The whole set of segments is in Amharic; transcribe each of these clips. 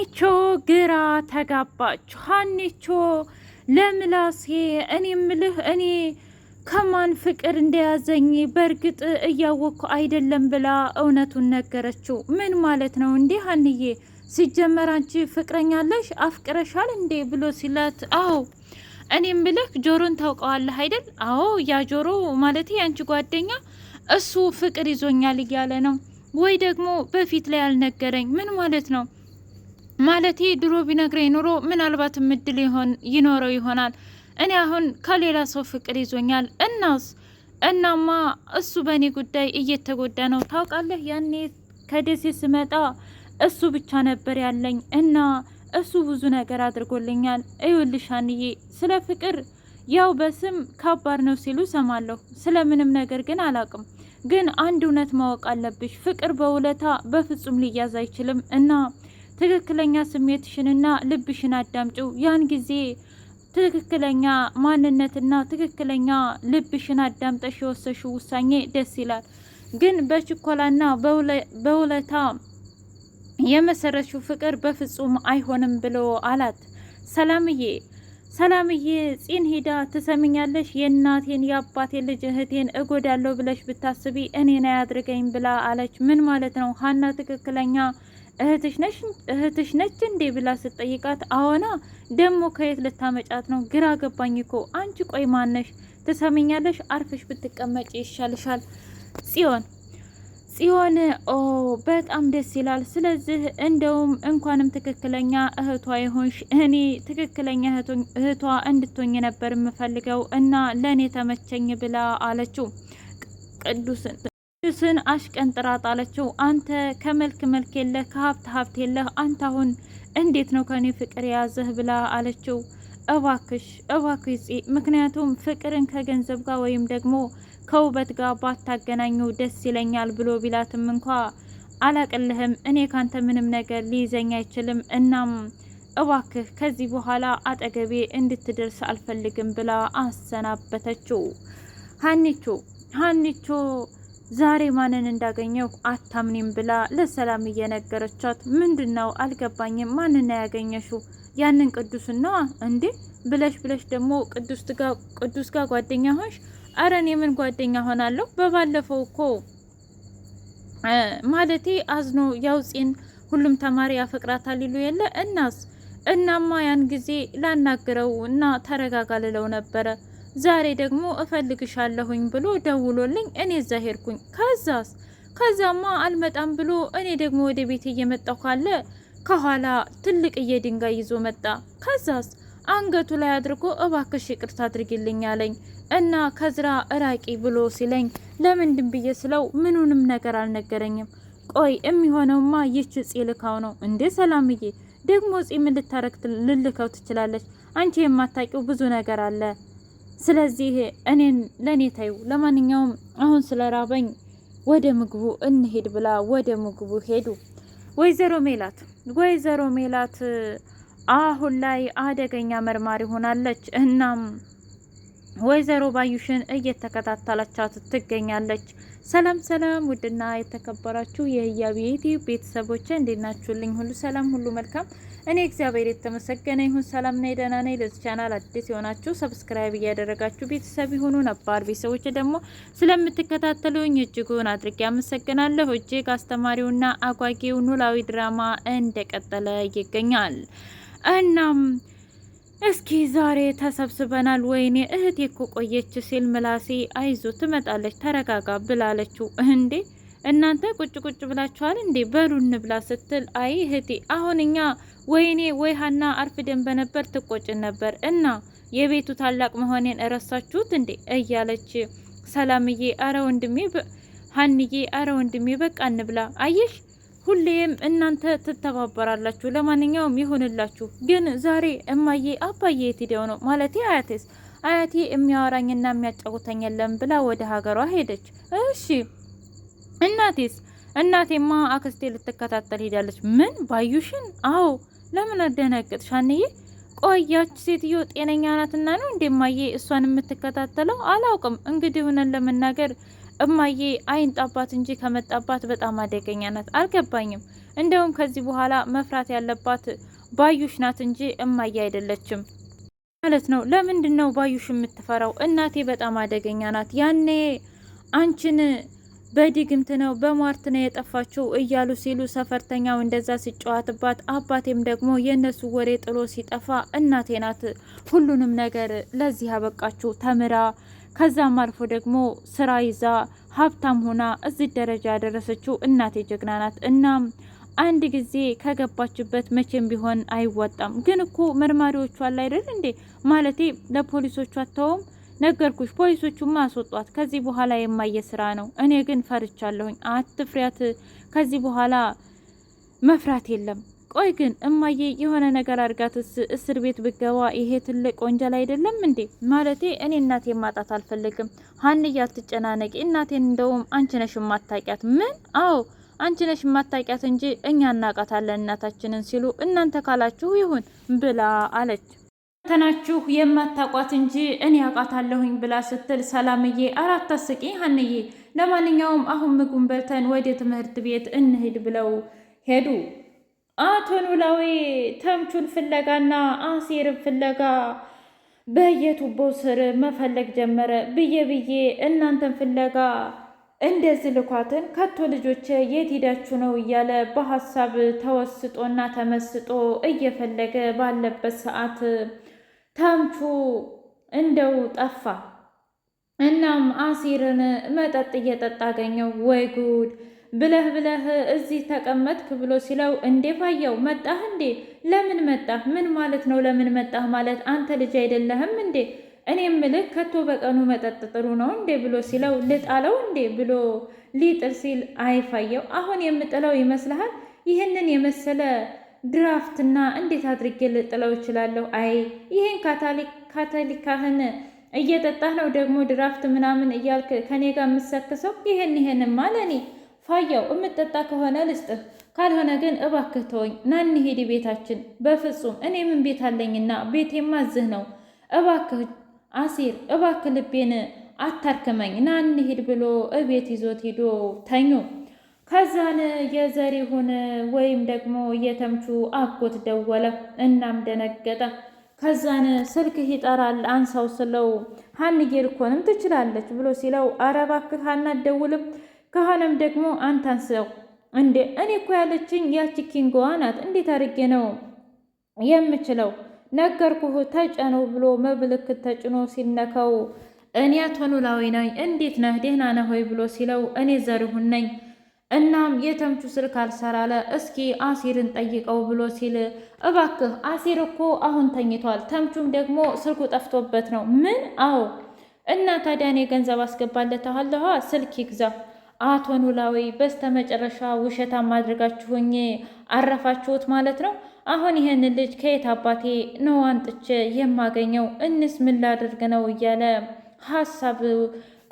ሀኒቾ ግራ ተጋባች። ሀኒቾ ለምላሴ እኔ ምልህ እኔ ከማን ፍቅር እንደያዘኝ በእርግጥ እያወቅኩ አይደለም ብላ እውነቱን ነገረችው። ምን ማለት ነው እንዴ ሀንዬ? ሲጀመር አንቺ ፍቅረኛለሽ አፍቅረሻል እንዴ ብሎ ሲላት፣ አዎ እኔ ምልህ ጆሮን ታውቀዋለህ አይደል? አዎ ያ ጆሮ ማለት የአንቺ ጓደኛ እሱ ፍቅር ይዞኛል እያለ ነው ወይ ደግሞ በፊት ላይ አልነገረኝ ምን ማለት ነው ማለቴ ድሮ ቢነግረኝ ኑሮ ምናልባትም እድል ይኖረው ይሆናል። እኔ አሁን ከሌላ ሰው ፍቅር ይዞኛል። እናስ እናማ እሱ በእኔ ጉዳይ እየተጎዳ ነው። ታውቃለህ፣ ያኔ ከደሴ ስመጣ እሱ ብቻ ነበር ያለኝ እና እሱ ብዙ ነገር አድርጎልኛል። እዩልሽ ስለ ፍቅር ያው በስም ከባድ ነው ሲሉ ሰማለሁ። ስለምንም ነገር ግን አላቅም። ግን አንድ እውነት ማወቅ አለብሽ፣ ፍቅር በውለታ በፍጹም ሊያዝ አይችልም እና ትክክለኛ ስሜትሽንና ልብሽን አዳምጪው። ያን ጊዜ ትክክለኛ ማንነትና ትክክለኛ ልብሽን አዳምጠሽ የወሰሽው ውሳኔ ደስ ይላል። ግን በችኮላና በውለታ የመሰረችው ፍቅር በፍጹም አይሆንም ብሎ አላት። ሰላምዬ ሰላምዬ ጺን ሂዳ ትሰምኛለሽ? የእናቴን የአባቴን ልጅ እህቴን እጎዳለሁ ብለሽ ብታስቢ እኔን አያድርገኝ ብላ አለች። ምን ማለት ነው ሀና ትክክለኛ እህትሽ ነች እንዴ ብላ ስትጠይቃት አዎና፣ ደግሞ ከየት ልታመጫት ነው? ግራ ገባኝ እኮ አንቺ። ቆይ ማነሽ? ትሰሚኛለሽ? አርፍሽ ብትቀመጭ ይሻልሻል። ጽዮን ጽዮን፣ ኦ በጣም ደስ ይላል። ስለዚህ እንደውም እንኳንም ትክክለኛ እህቷ ይሆንሽ እኔ ትክክለኛ እህቷ እንድትሆኝ ነበር የምፈልገው እና ለእኔ ተመቸኝ ብላ አለችው ቅዱስን ቅዱስን አሽቀንጥራ ጣለችው። አንተ ከመልክ መልክ የለህ ከሀብት ሀብት የለህ አንተ አሁን እንዴት ነው ከኔ ፍቅር የያዘህ ብላ አለችው። እባክሽ እባክሽ፣ ምክንያቱም ፍቅርን ከገንዘብ ጋር ወይም ደግሞ ከውበት ጋር ባታገናኙ ደስ ይለኛል ብሎ ቢላትም እንኳ አላቅልህም፣ እኔ ካንተ ምንም ነገር ሊይዘኝ አይችልም። እናም እባክህ ከዚህ በኋላ አጠገቤ እንድትደርስ አልፈልግም ብላ አሰናበተችው። ሀኒቾ ሀኒቾ ዛሬ ማንን እንዳገኘው አታምኒም ብላ ለሰላም እየነገረቻት፣ ምንድን ነው አልገባኝም፣ ማንን ያገኘሹ ያንን ቅዱስ ነዋ እንዴ ብለሽ ብለሽ ደግሞ ቅዱስ ጋር ጓደኛ ሆንሽ? አረ እኔ ምን ጓደኛ ሆናለሁ? በባለፈው እኮ ማለቴ አዝኖ ያውፂን ሁሉም ተማሪ ያፈቅራታል ይሉ የለ እናስ እናማ ያን ጊዜ ላናግረው እና ተረጋጋ ልለው ነበረ ዛሬ ደግሞ እፈልግሻለሁኝ ብሎ ደውሎልኝ እኔ እዛ ሄድኩኝ። ከዛስ ከዛማ አልመጣም ብሎ እኔ ደግሞ ወደ ቤት እየመጣሁ ካለ ከኋላ ትልቅዬ ድንጋይ ይዞ መጣ። ከዛስ አንገቱ ላይ አድርጎ እባክሽ ይቅርታ አድርጊልኝ አለኝ እና ከዝራ እራቂ ብሎ ሲለኝ ለምንድን ብዬ ስለው ምኑንም ነገር አልነገረኝም። ቆይ የሚሆነውማ ይች ጽ ልካው ነው እንዴ? ሰላምዬ ደግሞ ጽ ምን ልታረግ ልልከው ትችላለች። አንቺ የማታውቂው ብዙ ነገር አለ ስለዚህ እኔን ለእኔ ታዩ። ለማንኛውም አሁን ስለ ራበኝ ወደ ምግቡ እንሄድ ብላ ወደ ምግቡ ሄዱ። ወይዘሮ ሜላት ወይዘሮ ሜላት አሁን ላይ አደገኛ መርማሪ ሆናለች። እናም ወይዘሮ ባዩሽን እየተከታተለቻት ትገኛለች። ሰላም ሰላም፣ ውድና የተከበራችሁ የህያብ የዩቲዩብ ቤተሰቦች እንዴት ናችሁልኝ? ሁሉ ሰላም፣ ሁሉ መልካም። እኔ እግዚአብሔር የተመሰገነ ይሁን ሰላምና ደህና ነኝ። ለዚህ ቻናል አዲስ የሆናችሁ ሰብስክራይብ እያደረጋችሁ ቤተሰብ የሆኑ ነባር ቤተሰቦች ደግሞ ስለምትከታተሉኝ እጅጉን አድርጌ አመሰግናለሁ። እጅግ አስተማሪውና አጓጊው ኖላዊ ድራማ እንደቀጠለ ይገኛል እናም እስኪ ዛሬ ተሰብስበናል። ወይኔ እህቴ እኮ ቆየች ሲል ምላሴ አይዞ ትመጣለች ተረጋጋ ብላለችው። እንዴ እናንተ ቁጭ ቁጭ ብላችኋል እንዴ በሉ እንብላ ስትል አይ እህቴ አሁን እኛ ወይኔ ወይ ሀና አርፍደን በነበር ትቆጭን ነበር እና የቤቱ ታላቅ መሆኔን እረሳችሁት እንዴ እያለች ሰላምዬ፣ አረ ወንድሜ ሀንዬ፣ አረ ወንድሜ በቃ እንብላ አየሽ ሁሌም እናንተ ትተባበራላችሁ። ለማንኛውም ይሁንላችሁ። ግን ዛሬ እማዬ አባዬ የት ሄደው ነው ማለቴ አያቴስ አያቴ የሚያወራኝና የሚያጫውተኝ የለም ብላ ወደ ሀገሯ ሄደች። እሺ እናቴስ? እናቴማ አክስቴ ልትከታተል ሄዳለች። ምን ባዩሽን? አዎ። ለምን አደነግጥ ሻንዬ? ቆያች ሴትዮ ጤነኛ ናትና ነው እንደማዬ እሷን የምትከታተለው? አላውቅም እንግዲህ ሁነን ለመናገር እማዬ አይን ጣባት እንጂ ከመጣባት በጣም አደገኛ ናት። አልገባኝም። እንደውም ከዚህ በኋላ መፍራት ያለባት ባዩሽ ናት እንጂ እማዬ አይደለችም ማለት ነው። ለምንድን ነው ባዩሽ የምትፈራው? እናቴ በጣም አደገኛ ናት። ያኔ አንቺን በድግምት ነው በሟርት ነው የጠፋችው እያሉ ሲሉ ሰፈርተኛው እንደዛ ሲጫወትባት፣ አባቴም ደግሞ የእነሱ ወሬ ጥሎ ሲጠፋ እናቴ ናት ሁሉንም ነገር ለዚህ ያበቃችው ተምራ ከዛም አልፎ ደግሞ ስራ ይዛ ሀብታም ሆና እዚህ ደረጃ ያደረሰችው እናቴ ጀግና ናት። እናም አንድ ጊዜ ከገባችበት መቼም ቢሆን አይወጣም። ግን እኮ መርማሪዎቹ አለ አይደል እንዴ? ማለቴ ለፖሊሶቹ አተውም ነገርኩሽ። ፖሊሶቹማ አስወጧት። ከዚህ በኋላ የማየ ስራ ነው። እኔ ግን ፈርቻለሁኝ። አትፍሪያት። ከዚህ በኋላ መፍራት የለም ቆይ ግን እማዬ የሆነ ነገር አድርጋትስ እስር ቤት ብገባ ይሄ ትልቅ ወንጀል አይደለም እንዴ? ማለቴ እኔ እናቴ ማጣት አልፈልግም። ሀንዬ አትጨናነቂ፣ እናቴን እንደውም አንቺ ነሽ ማታቂያት። ምን? አዎ አንቺ ነሽ ማታቂያት እንጂ እኛ እናቃታለን እናታችንን ሲሉ እናንተ ካላችሁ ይሁን ብላ አለች። ተናችሁ የማታቋት እንጂ እኔ አውቃታለሁኝ ብላ ስትል ሰላምዬ፣ ኧረ አታስቂኝ ሀንዬ። ለማንኛውም አሁን ምግቡን በልተን ወደ ትምህርት ቤት እንሄድ ብለው ሄዱ። አቶ ኖላዊ ተምቹን ፍለጋና አሴርን ፍለጋ በየቱቦው ስር መፈለግ ጀመረ። ብዬ ብዬ እናንተን ፍለጋ እንደዚህ ልኳትን ከቶ ልጆች የት ሄዳችሁ ነው እያለ በሀሳብ ተወስጦና ተመስጦ እየፈለገ ባለበት ሰዓት ተምቹ እንደው ጠፋ። እናም አሲርን መጠጥ እየጠጣ አገኘው። ወይ ጉድ! ብለህ ብለህ እዚህ ተቀመጥክ ብሎ ሲለው እንዴ ፋየው መጣህ እንዴ? ለምን መጣህ? ምን ማለት ነው ለምን መጣህ ማለት? አንተ ልጅ አይደለህም እንዴ? እኔ ምልክ ከቶ በቀኑ መጠጥ ጥሩ ነው እንዴ ብሎ ሲለው ልጣለው እንዴ ብሎ ሊጥል ሲል አይፋየው አሁን የምጥለው ይመስልሃል? ይህንን የመሰለ ድራፍትና እንዴት አድርጌ ልጥለው እችላለሁ? አይ ይህን ካታሊካህን እየጠጣህ ነው ደግሞ ድራፍት ምናምን እያልክ ከኔ ጋር የምሰክሰው ይህን ይህንማ ማለኔ ፋያው እምጠጣ ከሆነ ልስጥህ፣ ካልሆነ ግን እባክህ ተወኝ። ና እንሂድ ቤታችን። በፍጹም እኔ ምን ቤት አለኝና ቤቴማ እዚህ ነው። እባክህ አሲር፣ እባክህ ልቤን አታርክመኝ። ና እንሂድ ብሎ እቤት ይዞት ሄዶ ተኙ። ከዛን የዘሪሁን ወይም ደግሞ የተምቹ አጎት ደወለ። እናም ደነገጠ። ከዛን ስልክህ ይጠራል አንሳው ስለው ሀንዬ ልኮንም ትችላለች ብሎ ሲለው አረ እባክህ አናደውልም ከሆነም ደግሞ አንተን ሰው እንዴ እኔ እኮ ያለችኝ ያቺ ኪንጎዋ ናት። እንዴት አድርጌ ነው የምችለው? ነገርኩህ ተጨነው ብሎ መብልክት ተጭኖ ሲነካው እኔ አቶ ኖላዊ ነኝ፣ እንዴት ነህ ደህና ነህ ሆይ ብሎ ሲለው እኔ ዘሪሁን ነኝ፣ እናም የተምቹ ስልክ አልሰራለ፣ እስኪ አሲርን ጠይቀው ብሎ ሲል እባክህ አሲር እኮ አሁን ተኝቷል፣ ተምቹም ደግሞ ስልኩ ጠፍቶበት ነው። ምን? አዎ። እና ታዲያ እኔ ገንዘብ አስገባለታለሁ፣ ስልክ ይግዛ አቶ ኖላዊ በስተመጨረሻ ውሸታ ማድረጋችሁኝ አረፋችሁት ማለት ነው። አሁን ይህን ልጅ ከየት አባቴ ነው አንጥቼ የማገኘው? እንስ ምን ላደርግ ነው እያለ ሀሳብ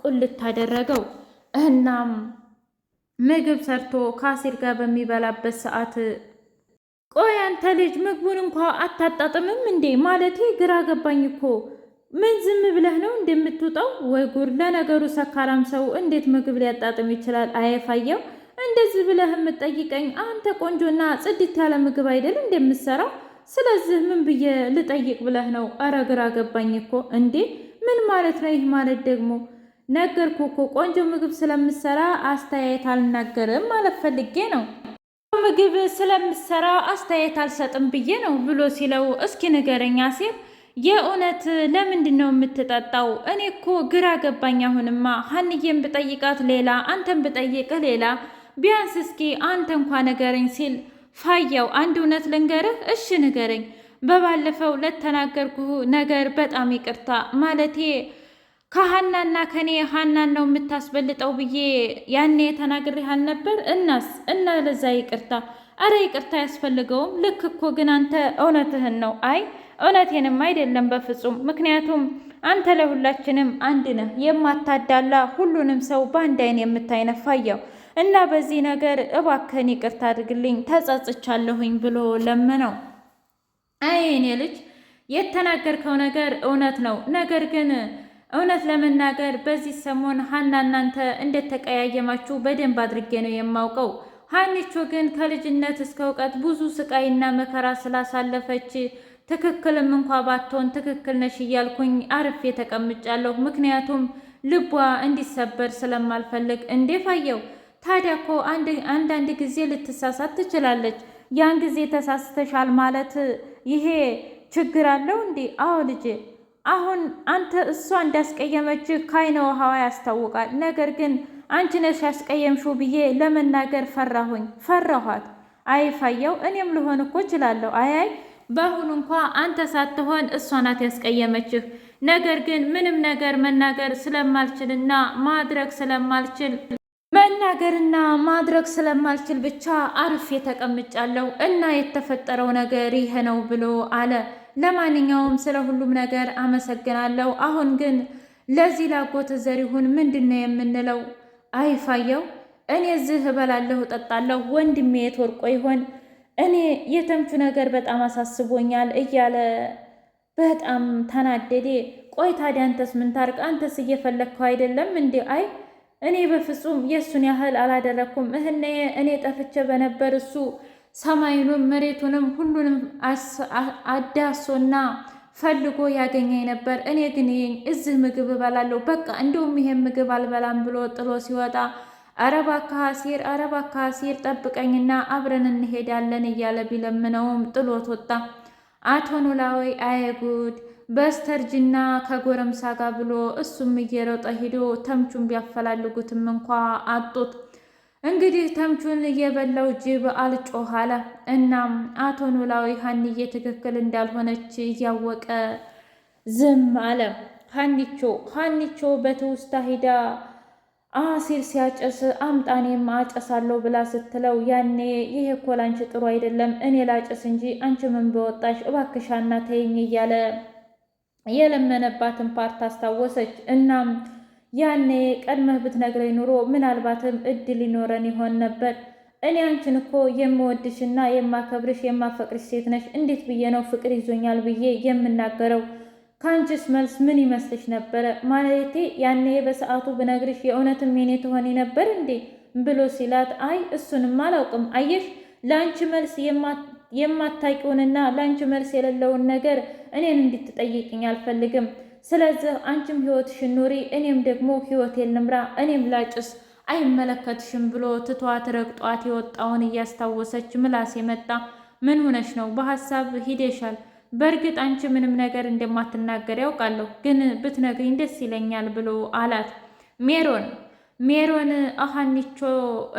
ቁልት አደረገው። እናም ምግብ ሰርቶ ከአሲር ጋር በሚበላበት ሰዓት ቆይ አንተ ልጅ ምግቡን እንኳ አታጣጥምም እንዴ? ማለቴ ግራ ገባኝ እኮ ምን ዝም ብለህ ነው እንደምትውጠው? ወይ ጉድ! ለነገሩ ሰካራም ሰው እንዴት ምግብ ሊያጣጥም ይችላል? አየፋየው እንደዚህ ብለህ የምትጠይቀኝ አንተ ቆንጆና ጽድት ያለ ምግብ አይደል እንደምትሰራው? ስለዚህ ምን ብዬ ልጠይቅ ብለህ ነው? ኧረ ግራ ገባኝ እኮ እንዴ! ምን ማለት ነው ይህ? ማለት ደግሞ ነገርኩ እኮ ቆንጆ ምግብ ስለምሰራ አስተያየት አልናገርም ማለት ፈልጌ ነው። ምግብ ስለምሰራ አስተያየት አልሰጥም ብዬ ነው ብሎ ሲለው፣ እስኪ ንገረኝ አሴር የእውነት ለምንድን ነው የምትጠጣው? እኔ እኮ ግራ ገባኝ። አሁንማ ሀንዬን ብጠይቃት ሌላ፣ አንተን ብጠይቅ ሌላ። ቢያንስ እስኪ አንተ እንኳ ንገረኝ ሲል ፋያው፣ አንድ እውነት ልንገርህ? እሺ ንገረኝ። በባለፈው ለተናገርኩህ ነገር በጣም ይቅርታ። ማለቴ ከሀናና ከኔ ሀናን ነው የምታስበልጠው ብዬ ያኔ ተናግሬሃል ነበር። እናስ እና ለዛ ይቅርታ። አረ ይቅርታ አያስፈልገውም። ልክ እኮ ግን አንተ እውነትህን ነው። አይ እውነቴንም አይደለም በፍጹም ምክንያቱም አንተ ለሁላችንም አንድ ነህ፣ የማታዳላ ሁሉንም ሰው በአንድ አይን የምታይነፋየው እና በዚህ ነገር እባከን ይቅርታ አድርግልኝ ተጸጽቻለሁኝ ብሎ ለመነው። አይ እኔ ልጅ የተናገርከው ነገር እውነት ነው። ነገር ግን እውነት ለመናገር በዚህ ሰሞን ሀና እናንተ እንደተቀያየማችሁ በደንብ አድርጌ ነው የማውቀው። ሀኒቾ ግን ከልጅነት እስከ እውቀት ብዙ ስቃይና መከራ ስላሳለፈች ትክክልም እንኳ ባትሆን ትክክል ነሽ እያልኩኝ አርፌ ተቀምጫለሁ። ምክንያቱም ልቧ እንዲሰበር ስለማልፈልግ። እንዴ ፋየው፣ ታዲያ እኮ አንዳንድ ጊዜ ልትሳሳት ትችላለች። ያን ጊዜ ተሳስተሻል ማለት ይሄ ችግር አለው እንዴ? አዎ ልጄ፣ አሁን አንተ እሷ እንዳስቀየመች ከአይነ ውሃዋ ያስታውቃል። ነገር ግን አንቺ ነሽ ያስቀየምሽው ብዬ ለመናገር ፈራሁኝ፣ ፈራኋት። አይ ፋየው፣ እኔም ልሆን እኮ እችላለሁ። አያይ በአሁኑ እንኳ አንተ ሳትሆን እሷ ናት ያስቀየመችህ። ነገር ግን ምንም ነገር መናገር ስለማልችልና ማድረግ ስለማልችል መናገርና ማድረግ ስለማልችል ብቻ አርፌ ተቀምጫለሁ እና የተፈጠረው ነገር ይሄ ነው ብሎ አለ። ለማንኛውም ስለ ሁሉም ነገር አመሰግናለሁ። አሁን ግን ለዚህ ላጎት ዘሪሁን ምንድን ነው የምንለው? አይፋየው እኔ እዚህ እበላለሁ እጠጣለሁ፣ ወንድሜ የት ወርቆ ይሆን እኔ የተንፍ ነገር በጣም አሳስቦኛል እያለ በጣም ተናደዴ። ቆይ ታዲያ አንተስ ምን ታርቅ? አንተስ እየፈለግከው አይደለም እንዴ? አይ እኔ በፍጹም የእሱን ያህል አላደረግኩም። እህነ እኔ ጠፍቼ በነበር እሱ ሰማዩንም መሬቱንም ሁሉንም አዳሶና ፈልጎ ያገኘኝ ነበር። እኔ ግን እዚህ ምግብ እበላለሁ በቃ እንደውም ይሄን ምግብ አልበላም ብሎ ጥሎ ሲወጣ አረባ ካሲር አረባ ካሲር ጠብቀኝና አብረን እንሄዳለን እያለ ቢለምነውም ጥሎት ወጣ። አቶ ኖላዊ አየጉድ በስተርጅና ከጎረምሳ ጋር ብሎ እሱም እየሮጠ ሂዶ ተምቹን ቢያፈላልጉትም እንኳ አጡት። እንግዲህ ተምቹን የበላው ጅብ አልጮህ አለ። እናም አቶ ኖላዊ ሀንዬ ትክክል እንዳልሆነች እያወቀ ዝም አለ። ሀኒቾ ሀኒቾ በትውስታ ሂዳ አሲር ሲያጨስ አምጣኔም አጨሳለሁ ብላ ስትለው ያኔ ይሄ እኮ ላንቺ ጥሩ አይደለም፣ እኔ ላጨስ እንጂ አንቺ ምን በወጣሽ እባክሻና ተይኝ እያለ የለመነባትን ፓርት አስታወሰች። እናም ያኔ ቀድመህ ብትነግረኝ ኑሮ ምናልባትም እድል ሊኖረን ይሆን ነበር። እኔ አንቺን እኮ የምወድሽና የማከብርሽ የማፈቅርሽ ሴት ነሽ። እንዴት ብዬ ነው ፍቅር ይዞኛል ብዬ የምናገረው ከአንቺስ መልስ ምን ይመስልሽ ነበረ? ማለቴ ያኔ በሰዓቱ ብነግርሽ የእውነትም የኔ ትሆኔ ነበር እንዴ ብሎ ሲላት፣ አይ እሱንም አላውቅም። አየሽ ለአንቺ መልስ የማታውቂውንና ለአንቺ መልስ የሌለውን ነገር እኔን እንድትጠይቅኝ አልፈልግም። ስለዚህ አንቺም ህይወትሽን ኑሪ፣ እኔም ደግሞ ህይወቴን ልምራ፣ እኔም ላጭስ፣ አይመለከትሽም ብሎ ትቷት ረግጧት የወጣውን እያስታወሰች ምላስ የመጣ ምን ሆነሽ ነው? በሀሳብ ሂደሻል በእርግጥ አንቺ ምንም ነገር እንደማትናገር ያውቃለሁ፣ ግን ብትነግሪኝ ደስ ይለኛል ብሎ አላት። ሜሮን ሜሮን አሃኒቾ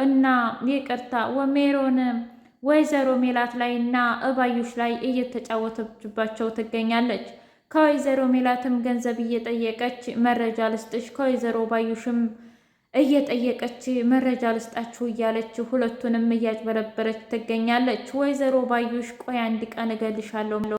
እና ይቅርታ ወሜሮን ወይዘሮ ሜላት ላይ እና እባዩሽ ላይ እየተጫወተችባቸው ትገኛለች። ከወይዘሮ ሜላትም ገንዘብ እየጠየቀች መረጃ ልስጥሽ፣ ከወይዘሮ ባዩሽም እየጠየቀች መረጃ ልስጣችሁ እያለች ሁለቱንም እያጭበረበረች ትገኛለች። ወይዘሮ ባዩሽ ቆይ አንድ ቀን እገልሻለሁ